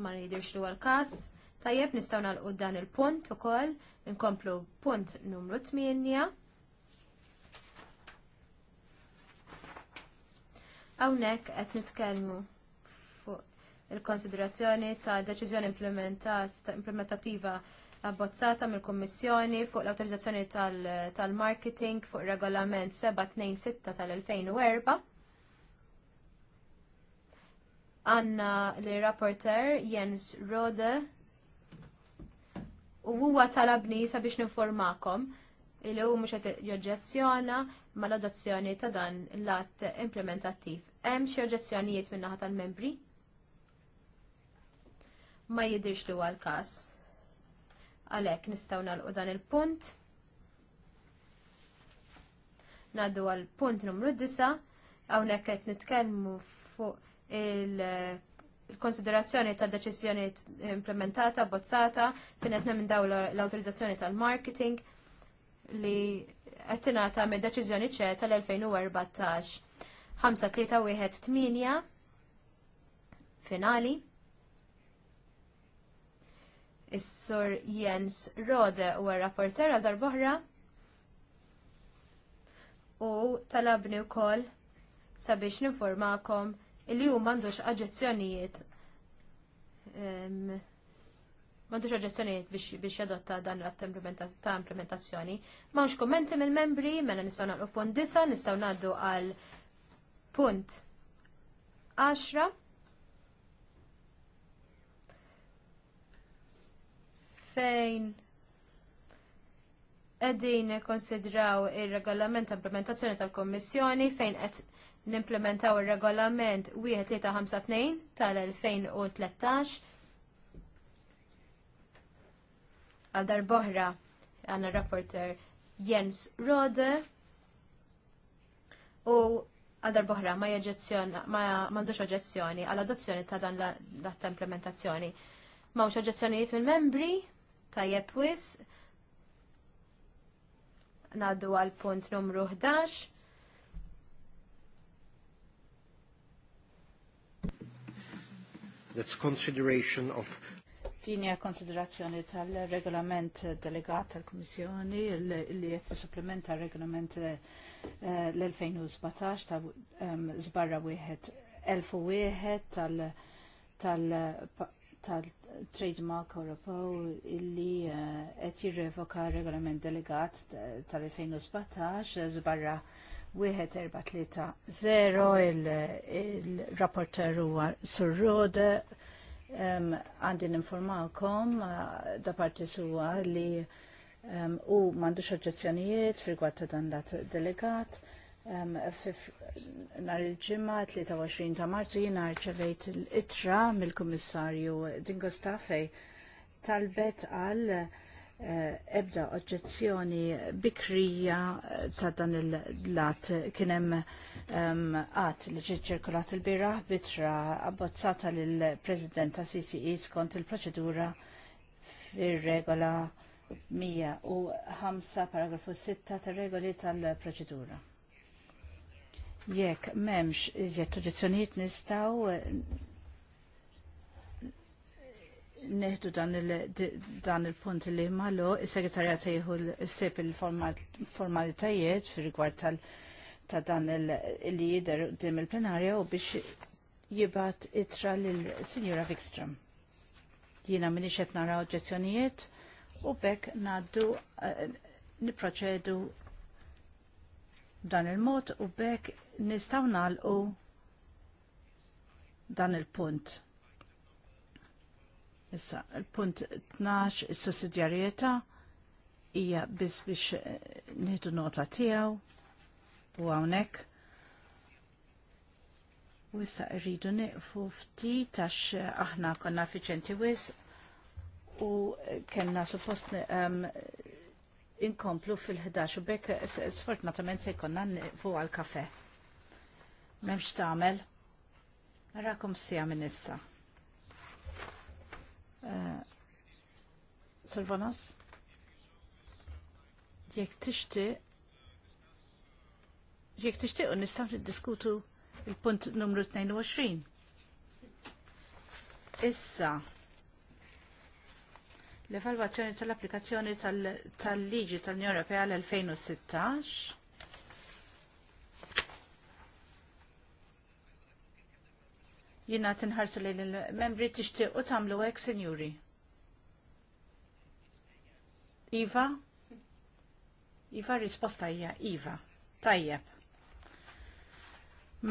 ma nidirx li każ. Tajjeb nistgħu nagħlqu dan il-punt ukoll, nkomplu punt numru 8. Hawnhekk qed nitkellmu fuq il-konsiderazzjoni ta' deċiżjoni implementativa abbozzata mill-Kummissjoni fuq l-autorizzazzjoni tal-marketing tal fuq regolament 726 tal-2004. Għanna li rapporter Jens Rode u huwa talabni sabiex ninformakom il u mhux joġezzjona joġġezzjona mal-adozzjoni ta' dan l-att implementattiv. Hemm xi oġġezzjonijiet min-naħa tal-membri? Ma jidhirx li huwa l-każ. Għalhekk nistgħu nagħlqu dan il-punt. Ngħaddu għal punt numru 9 hawnhekk qed nitkellmu fuq il-konsiderazzjoni ta' deċizjoni implementata, bozzata, fin qed minn daw l-awtorizzazzjoni tal-marketing li qed ta' me deċizjoni ċe tal-2014. 5-3-1-8 finali Is-sur Jens Rode u rapporter għal Darboħra u talabni wkoll sabiex ninformakom illi u m'għandux aġezzjonijiet m'għandux aġezzjonijiet biex, jadotta dan l-att ta' implementazzjoni. M'hawnx kommenti mill-membri, mela nistgħu naqlu punt disa, nistgħu ngħaddu għal punt 10 fejn qegħdin konsidraw ir-regolament ta' implementazzjoni tal-Kommissjoni fejn qed nimplementaw ir-regolament 1352 tal-2013 għal darboħra għanna rapporter Jens Rode u għal darboħra ma mandux oġezzjoni għal adozzjoni ta' dan l-att implementazzjoni. Mawx oġezzjonijiet mill-membri, Tajjeb wis. Naddu għal punt numru 11. That's consideration of Dini għal konsiderazzjoni tal-regolament delegat tal-Komissjoni li jett supplementa regolament eh, l-2017 ta' zbarra wieħed 1001 tal- trademark Ewropew illi eh, qed jirrevoka regolament delegat tal-2017 żbarra eh, wieħed erba' zero, il-rapporter huwa Rode għandi ninformawkom eh, da parti suwa li u m'għandux oġġezzjonijiet fil-gwatta dan dat delegat Nar il-ġimma 23 ta' marzu jina rċevejt l-itra mill-Kummissarju Dingo Staffej talbet għal eh, ebda oġġezzjoni bikrija eh, ta' dan il-lat kienem għat li ċirkulat il-biraħ bitra abbozzata l-President ta' CCE skont il-proċedura fir-regola 105 paragrafu 6 ta' regoli tal-proċedura. Jekk m'hemmx iżjed tradizzjonijiet nistgħu eh, neħdu dan il-punt li malu, il segretarja jieħu s-sib il-formalitajiet fi rigward tal ta' dan il-li jider dim il-plenarja u biex jibat itra l-Sinjura Vikstrom. Jina minni xet nara oġezzjonijiet u bekk naddu eh, niproċedu dan il-mod u bekk nistaw nalqu dan il-punt. Issa, il-punt 12, il-sussidjarieta, ija bis biex eh, nħidu nota tijaw u għawnek. U issa rridu niqfu ftit għax eh, aħna konna fiċenti wis u kena suppost um, inkomplu fil-11 u bekk sfortunatament se konna niqfu għal-kafe memx tamel. Rakum sija minn issa. Uh, eh, Silvanas? Jek tixti jek tixti u nistaw diskutu il-punt numru 22. Issa, l-evalvazzjoni tal-applikazzjoni tal-liġi tal-Unjoni Ewropea l-2016 Jina tinħarsu li l-membri tixti u tamlu għek, senjuri. Iva? Iva, risposta hija Iva. Tajjeb.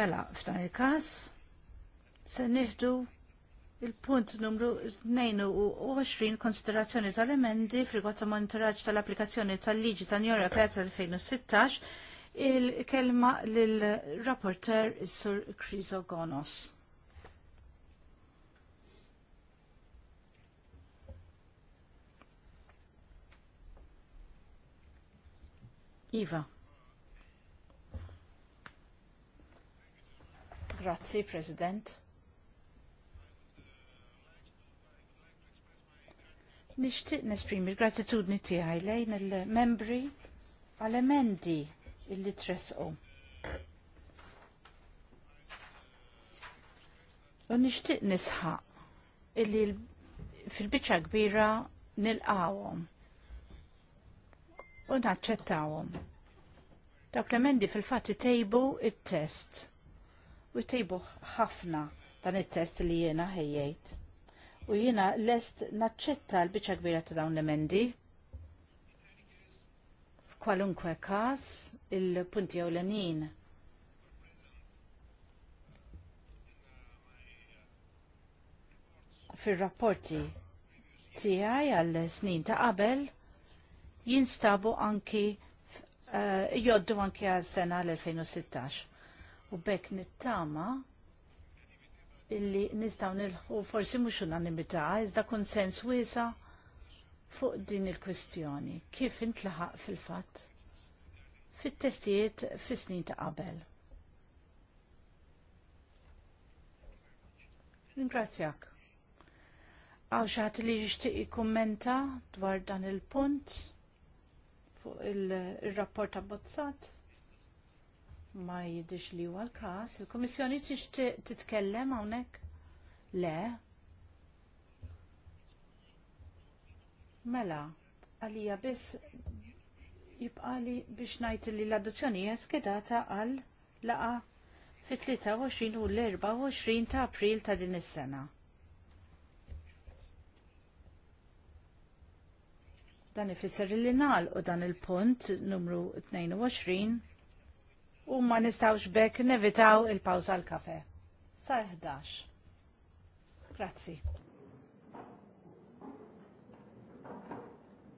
Mela, f'dan il-kas, se nieħdu il-punt numru 22 konsiderazzjoni tal-emendi frigot ta' monitoraġġ tal-applikazzjoni tal-liġi tan-Europea tal-2016 il-kelma lill-rapporter is-Sur O'Gonos. Iva. Grazzi, President. Nishtiq nesprimi l-gratitudni tiegħi lejn il-membri għal-emendi illi tresqu. U nixtieq nisħaq illi fil-biċċa kbira nilqawhom u naċċettawhom. Dawk l-emendi fil-fatt itejbu it-test u jtejbu ħafna dan it-test li jiena ħejjejt. U jiena lest naċċetta l-biċċa kbira ta' dawn l-emendi. F'kwalunkwe każ il-punti ewlenin fil-rapporti tiegħi għal snin ta' qabel jinstabu anki uh, joddu anki għal sena l-2016. U bekk nittama illi nistaw nilħu forsi mux unanimità, iżda konsens wiesa fuq din il-kwistjoni. Kif intlaħaq fil-fatt? Fit-testijiet fis-snin ta' qabel. Ringrazzjak. Għaw xaħat li jishtiq kommenta dwar dan il-punt il-rapport abbozzat ma jidix li huwa l-każ. Il-Kummissjoni tix titkellem hawnhekk? Le. Mela, għalija biss jibqali biex najt li l-adozzjoni hija għal laqa fit-23 u l-24 ta' April ta' din is-sena. Dan ifisser li nal u dan il-punt numru 22 u ma nistawx bekk nevitaw il-pawza l-kafe. Sa 11. Grazzi.